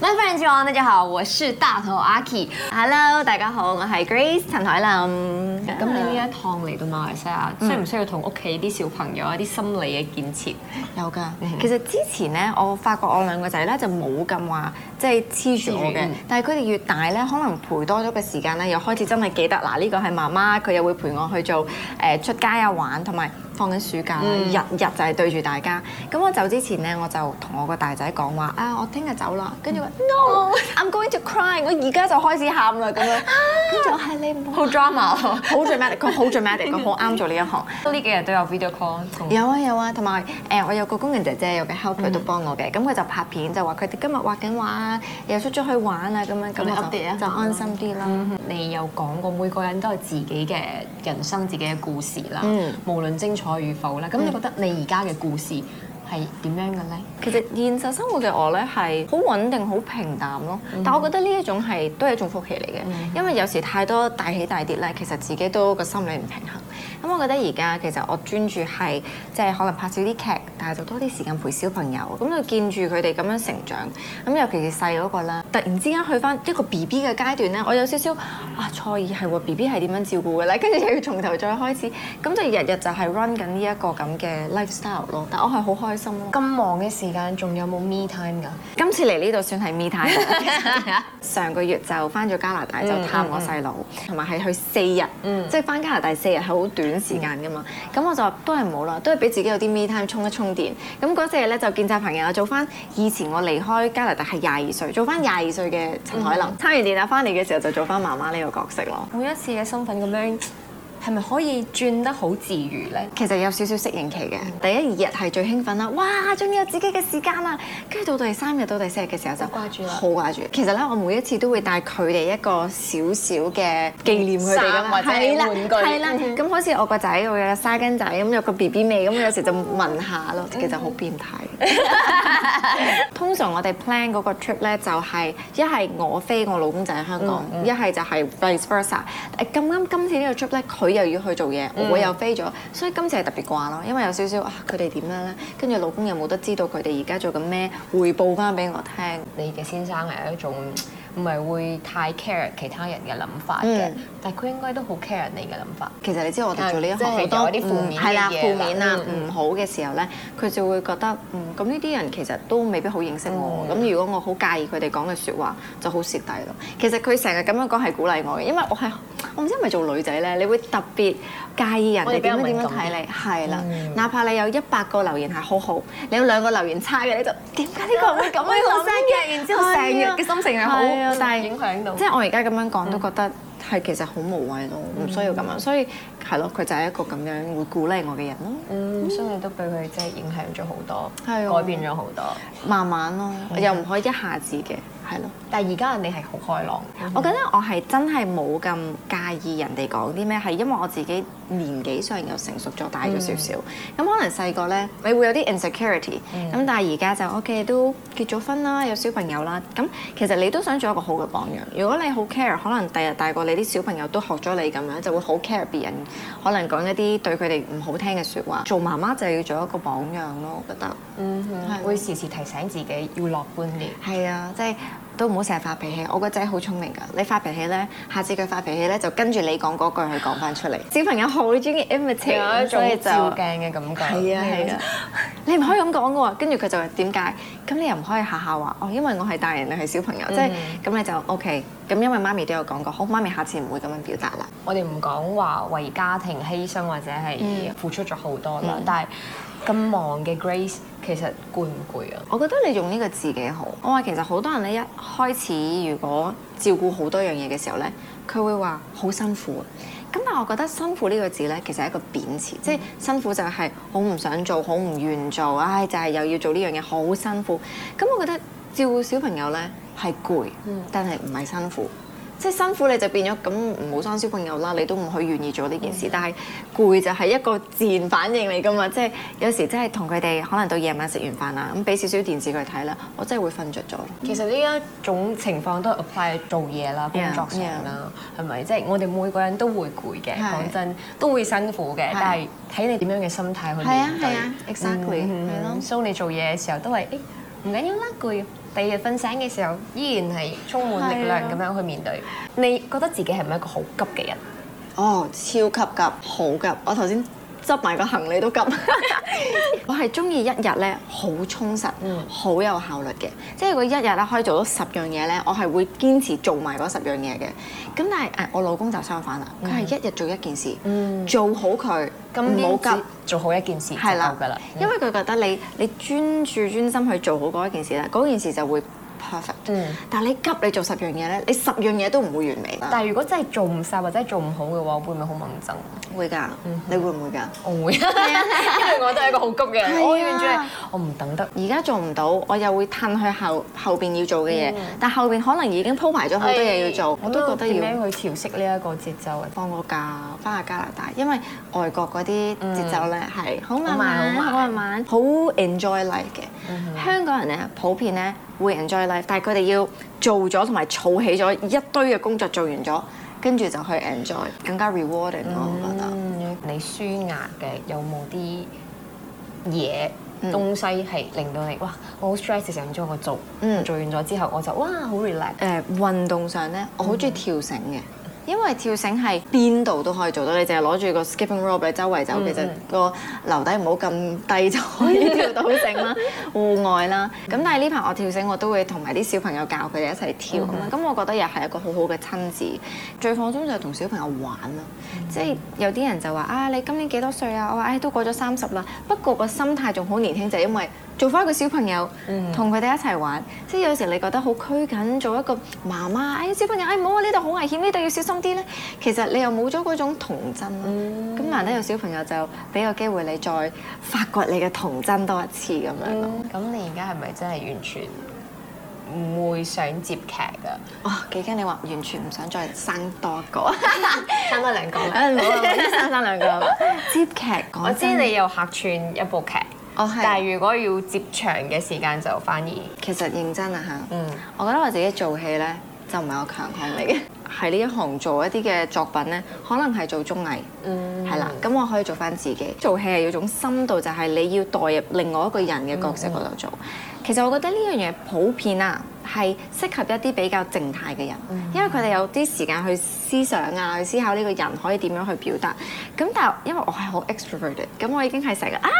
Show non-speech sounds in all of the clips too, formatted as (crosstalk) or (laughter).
My、no、friends，大，Hello, 大家好，我是大頭阿 Key Hello，大家好，我係 Grace 陳凱琳。咁 Hello. 你呢一趟嚟到馬來西亞，需唔、mm. 需要同屋企啲小朋友一啲心理嘅建設？有噶。嗯、其實之前咧，我發覺我兩個仔咧就冇咁話即係黐住我嘅，是但係佢哋越大咧，可能陪多咗嘅時間咧，又開始真係記得嗱呢個係媽媽，佢又會陪我去做誒出街啊玩同埋。放緊暑假，嗯、日日就係對住大家。咁我走之前咧，我就同我個大仔講話：啊，我聽日走啦。跟住佢：No，I'm going to cry。我而家就開始喊啦咁樣。啊！就係你。好 drama，好 dramatic。佢好 dramatic，佢好啱做呢一行。呢 (laughs) 幾日都有 video call 有、啊。有啊有啊，同埋誒，我有個工人姐姐有嘅 help 佢都、嗯、幫我嘅。咁佢就拍片，就話佢哋今日畫緊畫啊，又出咗去玩啊咁樣，咁、啊、我哋就就安心啲啦。嗯、你有講過每個人都係自己嘅人生、自己嘅故事啦。嗯、無論精彩彩與否啦，咁你覺得你而家嘅故事係點樣嘅咧？其實現實生活嘅我咧係好穩定、好平淡咯。 (music) 但我覺得呢一種係都係一種福氣嚟嘅， (music) 因為有時太多大起大跌咧，其實自己都個心理唔平衡。咁我覺得而家其實我專注係即係可能拍少啲劇，但係就多啲時間陪小朋友。咁就見住佢哋咁樣成長。咁尤其是細嗰個啦，突然之間去翻一個 B B 嘅階段咧，我有少少啊錯意係喎，B B 係點樣照顧嘅咧？跟住又要從頭再開始，咁就日日就係 run 緊呢一個咁嘅 lifestyle 咯。但我係好開心咯。咁忙嘅時間仲有冇 me time 㗎？今次嚟呢度算係 me time。上個月就翻咗加拿大就探我細佬，同埋係去四日，即係翻加拿大四日係好短時間㗎嘛，咁、嗯、我就話都係冇啦，都係俾自己有啲 me time 充一充電。咁嗰四日咧就見曬朋友，做翻以前我離開加拿大係廿二歲，做翻廿二歲嘅陳凱琳。差完、嗯、電啊，翻嚟嘅時候就做翻媽媽呢個角色咯。每一次嘅身份咁樣。係咪可以轉得好自如咧？其實有少少適應期嘅，第一二日係最興奮啦，哇！終於有自己嘅時間啦，跟住到第三日到第四日嘅時候就掛住啦，好掛住。其實咧，我每一次都會帶佢哋一個少少嘅紀念佢哋㗎啦，或者玩具，係啦，咁 (music) 好似我個仔，我有個沙巾仔，咁有個 BB 味，咁有時就聞下咯，其實好變態。的 (laughs) (laughs) 通常我哋 plan 嗰個 trip 咧，就係一係我飛，我老公就喺香港；一係、嗯嗯、就係 vice versa。咁啱、嗯、今次呢個 trip 咧，佢又要去做嘢，我又飛咗，嗯、所以今次係特別掛咯，因為有少少啊，佢哋點樣咧？跟住老公又冇得知道佢哋而家做緊咩？彙報翻俾我聽。你嘅先生係一種。唔係會太 care 其他人嘅諗法嘅，嗯、但係佢應該都好 care 你嘅諗法。其實你知道我哋做呢一行，好多啲負面嘅嘢、嗯，負面啊唔、嗯、好嘅時候咧，佢就會覺得，嗯，咁呢啲人其實都未必好認識我。咁、嗯、如果我好介意佢哋講嘅説話，就好蝕底咯。其實佢成日咁樣講係鼓勵我嘅，因為我係。我唔知係咪做女仔咧，你會特別介意人哋點樣點樣睇你，係啦。哪怕你有一百個留言係好好，你有兩個留言差嘅，你就點解呢個人會咁樣諗嘅？然之後成日嘅心情係好，但係影響到。即係我而家咁樣講都覺得係其實好無謂咯，唔需要咁樣。所以係咯，佢就係一個咁樣會鼓勵我嘅人咯。嗯，所以都俾佢即係影響咗好多，改變咗好多。慢慢咯，又唔可以一下子嘅。係咯了，但係而家你係好開朗。 (laughs) 我覺得我係真係冇咁介意人哋講啲咩，係因為我自己。年紀上又成熟咗，大咗少少，咁可能細個呢，你會有啲 insecurity，咁但係而家就 O K，都結咗婚啦，有小朋友啦，咁其實你都想做一個好嘅榜樣。如果你好 care，可能第日大個你啲小朋友都學咗你咁樣，就會好 care 別人，可能講一啲對佢哋唔好聽嘅説話。做媽媽就要做一個榜樣咯，我覺得對，會時時提醒自己要樂觀啲。係啊，即係。都唔好成日發脾氣，我個仔好聰明噶。你發脾氣咧，下次佢發脾氣咧，就跟住你講嗰句去講翻出嚟。小朋友好中意 imitate，一種照鏡嘅感覺。係啊係啊， (laughs) 你唔可以咁講噶喎。跟住佢就話點解？咁你又唔可以下下話哦，因為我係大人你係小朋友？即係咁，你、嗯、你就 OK。咁因為媽咪都有講過，好媽咪下次唔會咁樣表達啦。我哋唔講話為家庭犧牲或者係付出咗好多啦，嗯、但係咁忙嘅 Grace。其實攰唔攰啊？我覺得你用呢個字幾好。我話其實好多人咧，一開始如果照顧好多樣嘢嘅時候咧，佢會話好辛苦。啊。咁但係我覺得辛苦呢個字咧，其實係一個貶詞，即係辛苦就係好唔想做好唔願做，唉，就係又要做呢樣嘢好辛苦。咁我覺得照顧小朋友咧係攰，但係唔係辛苦。即係辛苦你就變咗咁唔好生小朋友啦，你都唔去願意做呢件事。嗯、但係攰就係一個自然反應嚟噶嘛。即係、嗯、有時真係同佢哋可能到夜晚食完飯啊，咁俾少少電視佢睇啦，我真係會瞓着咗。其實呢一種情況都係 apply 做嘢啦，工作上啦，係咪？即係我哋每個人都會攰嘅，講對 真都會辛苦嘅。但係睇你點樣嘅心態去面對。係啊係啊，exactly 係咯。所以你做嘢嘅時候都、欸、係誒唔緊要啦，攰。第二日瞓醒嘅時候，依然係充滿力量咁樣去面對。是的 你覺得自己係唔係一個好急嘅人？哦，超級急，好急！我頭先，執埋個行李都急， (laughs) 我係中意一日咧好充實，好、嗯、有效率嘅，即係佢一日咧可以做到十樣嘢咧，我係會堅持做埋嗰十樣嘢嘅。咁、嗯、但係誒，我老公就相反啦，佢係、嗯、一日做一件事，嗯、做好佢，咁唔好、嗯、急做好一件事係啦，了嗯、因為佢覺得你你專注專心去做好嗰一件事咧，嗰件事就會。嗯，但係你急，你做十樣嘢咧，你十樣嘢都唔會完美。但係如果真係做唔晒或者做唔好嘅話，會唔會好矇憎？會㗎，你會唔會㗎？我會，因為我都係一個好急嘅人。我完我唔等得。而家做唔到，我又會褪去後後邊要做嘅嘢。但後邊可能已經鋪排咗好多嘢要做。我都覺得要點樣去調適呢一個節奏，放我假，翻下加拿大，因為外國嗰啲節奏咧係好慢慢，好慢慢，好 enjoy life 嘅。香港人咧普遍咧。會 enjoy life，但係佢哋要做咗同埋儲起咗一堆嘅工作做完咗，跟住就去 enjoy，更加 rewarding 咯。嗯、我覺得你舒壓嘅有冇啲嘢東西係、嗯、令到你哇，我好 stress 嘅時候唔知我做，嗯、做完咗之後我就哇好 relax。誒運動上咧，我好中意跳繩嘅。嗯嗯 (music) 因為跳繩係邊度都可以做到，你淨係攞住個 skipping rope，你周圍走，嗯、其實個樓底唔好咁低就可以跳到繩啦， (laughs) 戶外啦。咁但係呢排我跳繩，我都會同埋啲小朋友教佢哋一齊跳，咁我覺得又係一個好好嘅親子，最放鬆就係同小朋友玩咯。即係有啲人就話啊，你今年幾多歲啊？我話唉、哎、都過咗三十啦，不過個心態仲好年輕，就係因為做翻一個小朋友，同佢哋一齊玩。即係有時你覺得好拘謹，做一個媽媽，誒、哎、小朋友，誒唔好啊，呢度好危險，呢度要小心。啲咧，其實你又冇咗嗰種童真啦。咁難得有小朋友就俾個機會你再發掘你嘅童真多一次咁樣。咁、mm. 你而家係咪真係完全唔會想接劇噶？哇、哦！幾驚你話完全唔想再生多個， (laughs) 生多個 (laughs) 生生兩個。誒冇啊，唔知生多兩個。接劇，我知你又客串一部劇，我、哦、但係如果要接長嘅時間就反而……其實認真啊嚇。嗯，我覺得我自己做戲咧就唔係我強項嚟嘅。喺呢一行做一啲嘅作品呢，可能係做綜藝，嗯、mm，係啦，hmm.，咁我可以做翻自己做戲，係有種深度，就係你要代入另外一個人嘅角色嗰度做。Hmm. 其實我覺得呢樣嘢普遍啊，係適合一啲比較靜態嘅人，因為佢哋有啲時間去思想啊，去思考呢個人可以點樣去表達。咁但係因為我係好 extroverted，咁我已經係成日啊。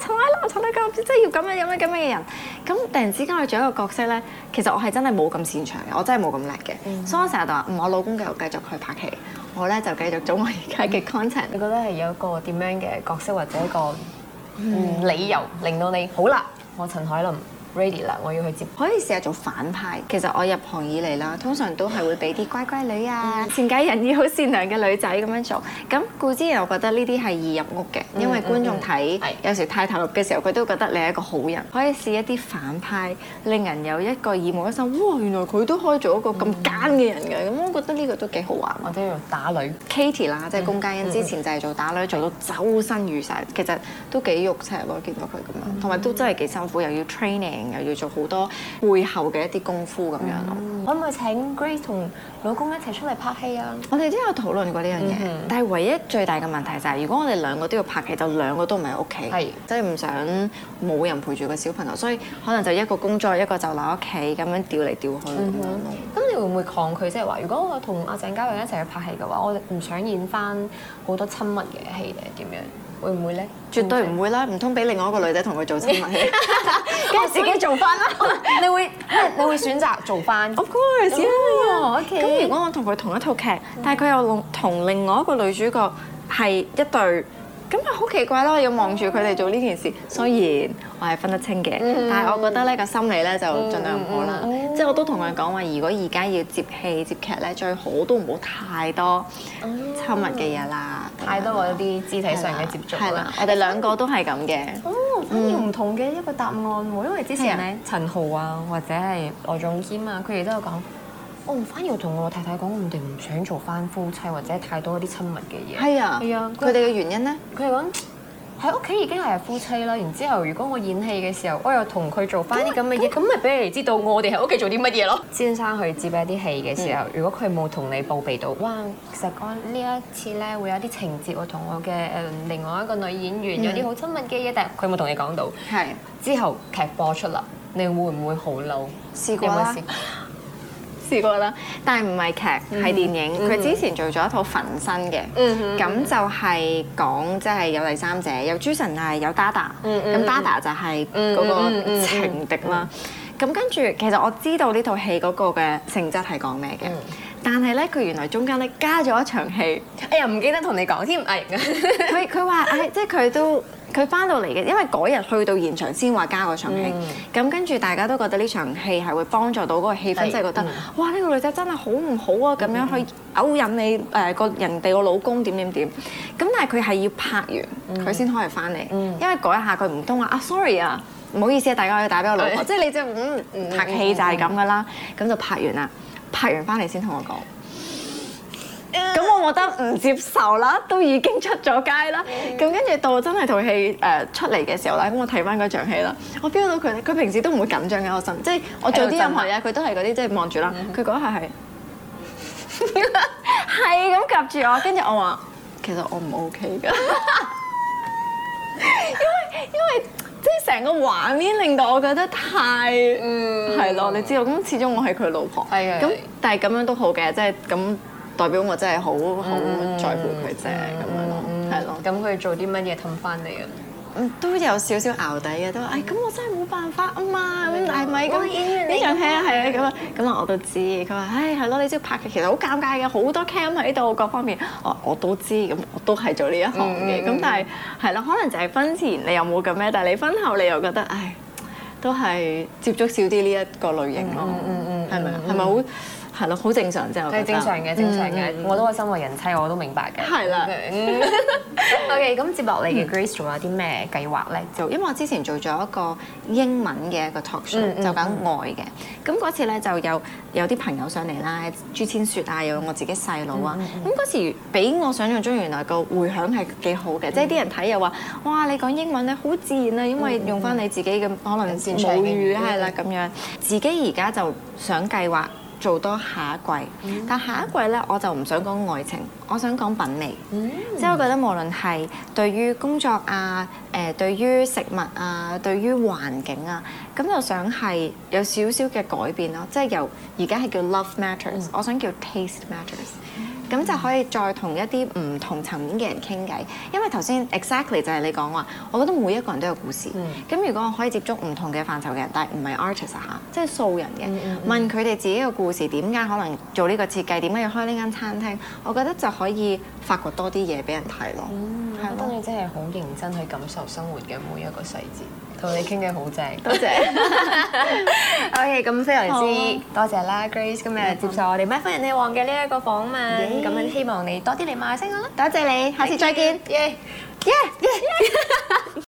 陳海龍，陳海江，即係要咁樣咁樣咁樣嘅人。咁突然之間去做一個角色咧，其實我係真係冇咁擅長嘅，我真係冇咁叻嘅。Mm hmm. 所以我成日就話，我老公繼續繼續去拍戲，我咧就繼續做我而家嘅 content、mm。Hmm. 你覺得係有一個點樣嘅角色或者一個、嗯、理由令到你 (laughs) 好啦？我陳凱琳。Ready 啦！我要去接可以試下做反派。其實我入行以嚟啦，通常都係會俾啲乖乖女啊、善解、嗯、人意、好善良嘅女仔咁樣做。咁固之然，我覺得呢啲係易入屋嘅，嗯、因為觀眾睇、嗯嗯、有時太投入嘅時候，佢都覺得你係一個好人。可以試一啲反派，令人有一個耳目一新。哇！原來佢都可以做一個咁奸嘅人嘅。咁、嗯、我覺得呢個都幾好玩。我都要打女 Katie 啦，即係龔嘉欣之前就係做打女，嗯嗯、做到周身瘀曬，其實都幾肉赤咯，見到佢咁樣，同埋都真係幾辛苦，又要 training。又要做好多背後嘅一啲功夫咁、嗯、樣咯，可唔可以請 Grace 同老公一齊出嚟拍戲啊？我哋都有討論過呢樣嘢，嗯、但係唯一最大嘅問題就係、係，如果我哋兩個都要拍戲，就兩個都唔喺屋企，係，即係唔想冇人陪住個小朋友，所以可能就一個工作，一個就留喺屋企咁樣調嚟調去咁、嗯樣嗯、你會唔會抗拒即係話，如果我同阿鄭嘉穎一齊去拍戲嘅話，我哋唔想演翻好多親密嘅戲嘅點樣？會唔會咧？絕對唔會啦！唔通俾另外一個女仔同佢做親密戲，跟住 (laughs) 自己做翻啦！以你會，你會選擇做翻？Of course，咁如果我同佢同一套劇，但係佢又同另外一個女主角係一對，咁咪好奇怪囉？我要望住佢哋做呢件事，雖然。 (music) 我係分得清嘅，但係我覺得呢個心理咧就盡量唔好啦。即係 (music) 我都同佢講話，如果而家要接戲接劇咧，最好都唔好太多親密嘅嘢啦，太多嗰啲肢體上嘅接觸啦了。我哋兩個都係咁嘅。哦，反而唔同嘅一個答案喎，因為之前咧、啊、陳豪啊，或者係羅仲謙啊，佢哋都有講，我唔反而同我太太講，我哋唔想做翻夫妻或者太多嗰啲親密嘅嘢。係啊，係啊。佢哋嘅原因咧？佢哋講。喺屋企已經係夫妻啦，然之後如果我演戲嘅時候，我又同佢做翻啲咁嘅嘢，咁咪俾你知道我哋喺屋企做啲乜嘢咯？先生去接一啲戲嘅時候，如果佢冇同你報備到，哇！其實講呢一次咧會有啲情節我同我嘅誒另外一個女演員有啲好親密嘅嘢，但係佢冇同你講到。係。是的 之後劇播出啦，你會唔會好嬲？試過啦。 (laughs) 試過啦，但係唔係劇係電影。佢、嗯、之前做咗一套焚身嘅，咁、嗯、就係講即係有第三者，有朱晨麗，有 Dada，咁、嗯、Dada 就係嗰個情敵啦。咁、嗯嗯嗯、跟住，其實我知道呢套戲嗰個嘅性質係講咩嘅，嗯、但係咧佢原來中間咧加咗一場戲，哎呀唔記得同你講添，哎佢佢話，哎 (laughs) 即係佢都。佢翻到嚟嘅，因為嗰日去到現場先話加個場戲，咁跟住大家都覺得呢場戲係會幫助到嗰個氣氛，即係覺得哇呢個女仔真係好唔好啊，咁樣去勾引你誒個人哋個老公點點點，咁但係佢係要拍完佢先可以翻嚟，因為一下佢唔通話啊，sorry 啊，唔好意思啊，大家我要打俾我老公，即係你就唔拍戲就係咁噶啦，咁就拍完啦，拍完翻嚟先同我講。咁我覺得唔接受啦，都已經出咗街啦。咁跟住到真係套戲誒出嚟嘅時候啦，咁我睇翻嗰場戲啦，我 feel 到佢，佢平時都唔會緊張嘅，我心即係我做啲任何嘢，佢都係嗰啲即係望住啦。佢嗰下係係咁夾住我，跟住我話其實我唔 OK 嘅，因為因為即係成個畫面令到我覺得太嗯係咯，你知道咁，始終我係佢老婆。係啊。咁但係咁樣都好嘅，即係咁。代表我真係好好在乎佢啫，咁樣咯，係 (noise) 咯。咁佢 (noise) 做啲乜嘢氹翻你啊？都有少少淆底嘅，都話：唉，咁我真係冇辦法啊嘛，咁係咪咁？呢樣嘢啊，係啊，咁啊，咁啊，我都知。佢話：唉，係咯，你知拍，拍劇其實好尷尬嘅，好多 cam 喺度，各方面，我我都知。咁我都係做呢一行嘅，咁但係係咯，可能就係婚前你又冇咁咩，但係你婚後你又覺得，唉，都係接觸少啲呢一個類型咯，係咪啊？係咪好？對吧 (music) 係咯，好正常啫，我覺得係正常嘅，正常嘅。常我都係身為人妻，我都明白嘅對了。 (laughs) 係啦。O K，咁接落嚟嘅 Grace 仲有啲咩計劃咧？就因為我之前做咗一個英文嘅一個 talk show，就講愛嘅。咁嗰次咧就有有啲朋友上嚟啦，朱千雪，但有我自己細佬啊。咁嗰時比我想象中原來個迴響係幾好嘅，嗯、即係啲人睇又話：哇，你講英文咧好自然啊，因為用翻你自己嘅、嗯、可能母語係啦咁樣。自己而家就想計劃。做多下一季，但下一季呢，我就唔想講愛情，我想講品味。即係 (noise) 我覺得無論係對於工作啊、誒對於食物啊、對於環境啊，咁就想係有少少嘅改變咯。即係由而家係叫 Love Matters，我想叫 Taste Matters。咁就可以再同一啲唔同層面嘅人傾偈，因為頭先 exactly 就係你講話，我覺得每一個人都有故事。咁如果我可以接觸唔同嘅範疇嘅人，但係唔係 artist 吓，即係素人嘅，問佢哋自己嘅故事，點解可能做呢個設計，點解要開呢間餐廳，我覺得就可以發掘多啲嘢俾人睇咯。當然真係好認真去感受生活嘅每一個細節，同你傾嘅好正，多謝。OK，咁非常之多謝啦，Grace，今日接受我哋 MY FUN 人氣王嘅呢一個訪問，咁樣希望你多啲嚟買下聲啦，多謝你，下次再見。Yeah，yeah，yeah。